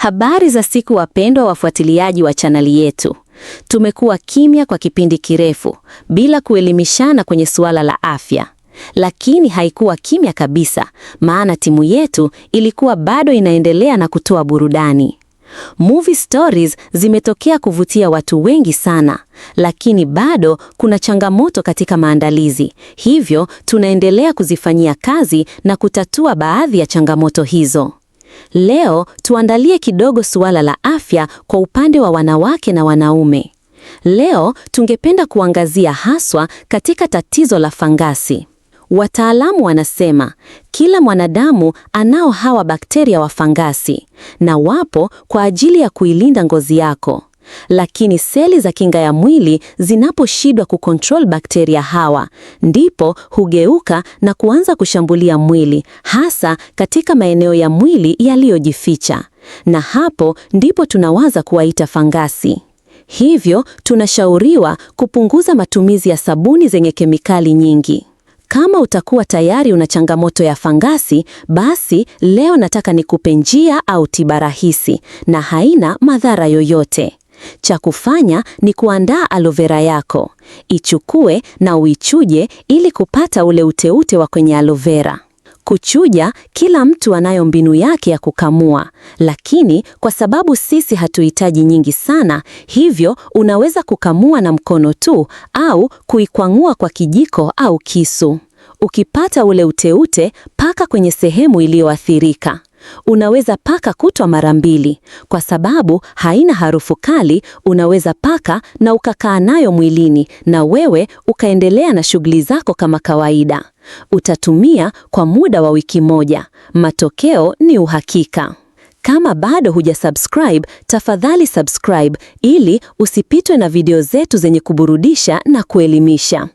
Habari za siku, wapendwa wafuatiliaji wa chaneli yetu. Tumekuwa kimya kwa kipindi kirefu bila kuelimishana kwenye suala la afya, lakini haikuwa kimya kabisa, maana timu yetu ilikuwa bado inaendelea na kutoa burudani. Movie stories zimetokea kuvutia watu wengi sana, lakini bado kuna changamoto katika maandalizi. Hivyo tunaendelea kuzifanyia kazi na kutatua baadhi ya changamoto hizo. Leo tuandalie kidogo suala la afya kwa upande wa wanawake na wanaume. Leo tungependa kuangazia haswa katika tatizo la fangasi. Wataalamu wanasema kila mwanadamu anao hawa bakteria wa fangasi na wapo kwa ajili ya kuilinda ngozi yako. Lakini seli za kinga ya mwili zinaposhindwa kukontrol bakteria hawa, ndipo hugeuka na kuanza kushambulia mwili, hasa katika maeneo ya mwili yaliyojificha, na hapo ndipo tunawaza kuwaita fangasi. Hivyo tunashauriwa kupunguza matumizi ya sabuni zenye kemikali nyingi. Kama utakuwa tayari una changamoto ya fangasi, basi leo nataka nikupe njia au tiba rahisi na haina madhara yoyote. Cha kufanya ni kuandaa aloe vera yako, ichukue na uichuje ili kupata ule uteute wa kwenye aloe vera. Kuchuja, kila mtu anayo mbinu yake ya kukamua, lakini kwa sababu sisi hatuhitaji nyingi sana, hivyo unaweza kukamua na mkono tu au kuikwangua kwa kijiko au kisu. Ukipata ule uteute, paka kwenye sehemu iliyoathirika. Unaweza paka kutwa mara mbili kwa sababu haina harufu kali. Unaweza paka na ukakaa nayo mwilini na wewe ukaendelea na shughuli zako kama kawaida. Utatumia kwa muda wa wiki moja. Matokeo ni uhakika. Kama bado huja subscribe, tafadhali subscribe ili usipitwe na video zetu zenye kuburudisha na kuelimisha.